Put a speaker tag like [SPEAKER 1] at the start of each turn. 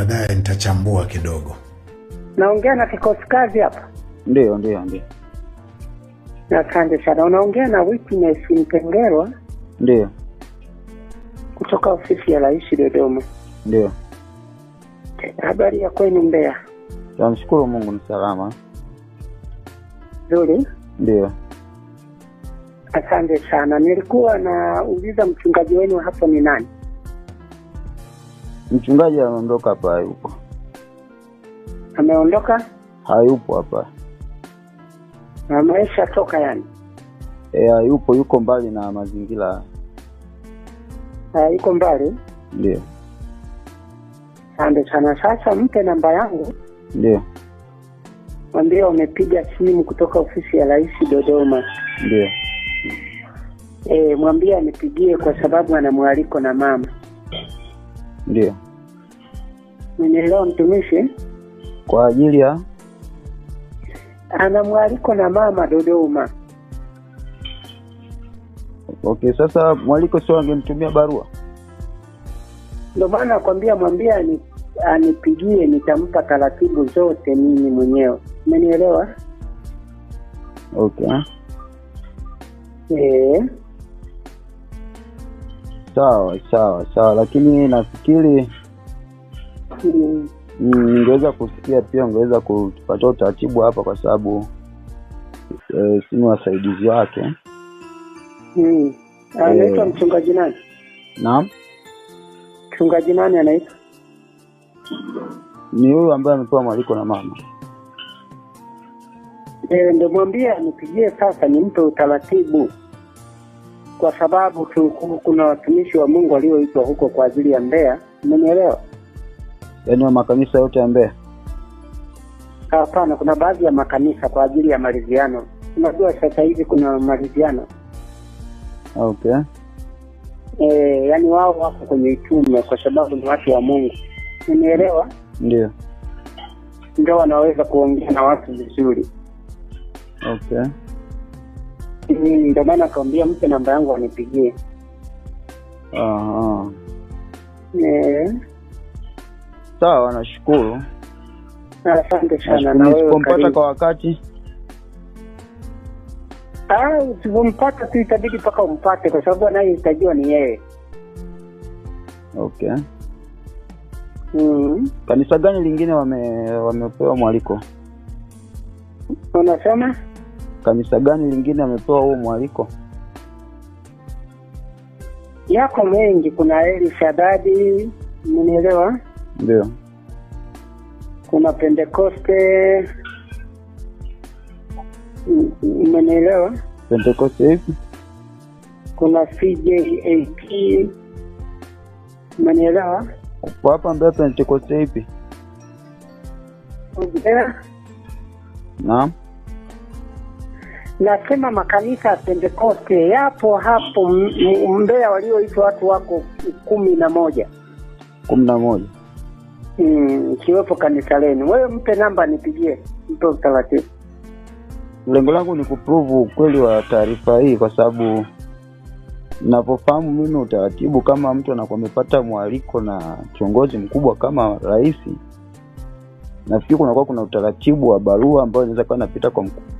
[SPEAKER 1] baadaye nitachambua kidogo.
[SPEAKER 2] Naongea na kikosi kazi hapa?
[SPEAKER 1] Ndio, ndio, ndio.
[SPEAKER 2] Asante sana. Unaongea na Witness Mpengerwa? Ndio, kutoka ofisi ya Rais Dodoma. ndio. Habari ya kwenu Mbeya?
[SPEAKER 1] Namshukuru Mungu ni salama. Nzuri. Ndio,
[SPEAKER 2] Asante sana. Nilikuwa nauliza mchungaji wenu hapo ni nani?
[SPEAKER 1] Mchungaji ameondoka hapa, hayupo.
[SPEAKER 2] Ameondoka,
[SPEAKER 1] hayupo hapa,
[SPEAKER 2] ameisha toka yani.
[SPEAKER 1] E, hayupo, yuko mbali na mazingira.
[SPEAKER 2] Ah, yuko mbali, ndio. sante sana. Sasa mpe namba yangu, ndio mwambie wamepiga simu kutoka ofisi ya rais Dodoma, ndio. E, mwambie anipigie kwa sababu ana mwaliko na mama ndio. Umenielewa mtumishi?
[SPEAKER 1] Kwa ajili ya
[SPEAKER 2] ana mwaliko na mama Dodoma.
[SPEAKER 1] Okay, sasa mwaliko sio angemtumia barua?
[SPEAKER 2] Ndio maana nakwambia mwambie ni anipigie nitampa taratibu zote mimi mwenyewe. Umenielewa? Okay. Eh.
[SPEAKER 1] Sawa sawa sawa, lakini nafikiri ningeweza kusikia pia, ungeweza kupata utaratibu hapa, kwa sababu e, eh, si ni wasaidizi wake.
[SPEAKER 2] Hmm. Anaitwa e, mchungaji nani? Naam, mchungaji nani anaitwa?
[SPEAKER 1] Ni huyu ambaye amepewa mwaliko na mama
[SPEAKER 2] e, eh, ndomwambia nipigie sasa, nimpe utaratibu kwa sababu kuna watumishi wa Mungu walioitwa huko kwa ajili ya Mbeya, umenielewa?
[SPEAKER 1] Yaani wa makanisa yote ya Mbeya?
[SPEAKER 2] Hapana, kuna baadhi ya makanisa kwa ajili ya maridhiano. Unajua sasa hivi kuna maridhiano. Okay. E, yaani wao wako kwenye itume kwa sababu ni watu wa Mungu, unielewa? Ndio, ndio wanaweza kuongea na watu vizuri. Okay ndio maana akaambia mpe namba yangu anipigie. Eh.
[SPEAKER 1] Sawa, nashukuru.
[SPEAKER 2] Asante sana na wewe.
[SPEAKER 1] kwa wakati
[SPEAKER 2] Ah, usipompata tu itabidi mpaka umpate kwa sababu anayehitajiwa ni yeye. Okay. Mm.
[SPEAKER 1] Kanisa gani lingine wame wamepewa mwaliko?
[SPEAKER 2] Unasema?
[SPEAKER 1] kanisa gani lingine amepewa huo mwaliko?
[SPEAKER 2] Yako mengi, kuna Eli Shadadi, mnielewa? Ndio. Kuna Pentekoste, um, umenielewa?
[SPEAKER 1] Pentekoste hivi
[SPEAKER 2] Kuna CJAP, umenielewa?
[SPEAKER 1] Uko hapa Mbeya, Pentekoste hivi Mbeya. Naam
[SPEAKER 2] nasema makanisa ya Pentekoste yapo hapo Mbeya, walioitwa watu wako kumi na moja kumi na moja mm, ikiwepo mm, kanisa lenu. Wewe mpe namba nipigie, mpe utaratibu.
[SPEAKER 1] Lengo langu ni kupruvu ukweli wa taarifa hii, kwa sababu ninapofahamu mimi utaratibu, kama mtu anakuwa amepata mwaliko na kiongozi mkubwa kama rais, nafikiri kunakuwa kuna utaratibu wa barua ambayo inaweza kuwa inapita kwa mkuu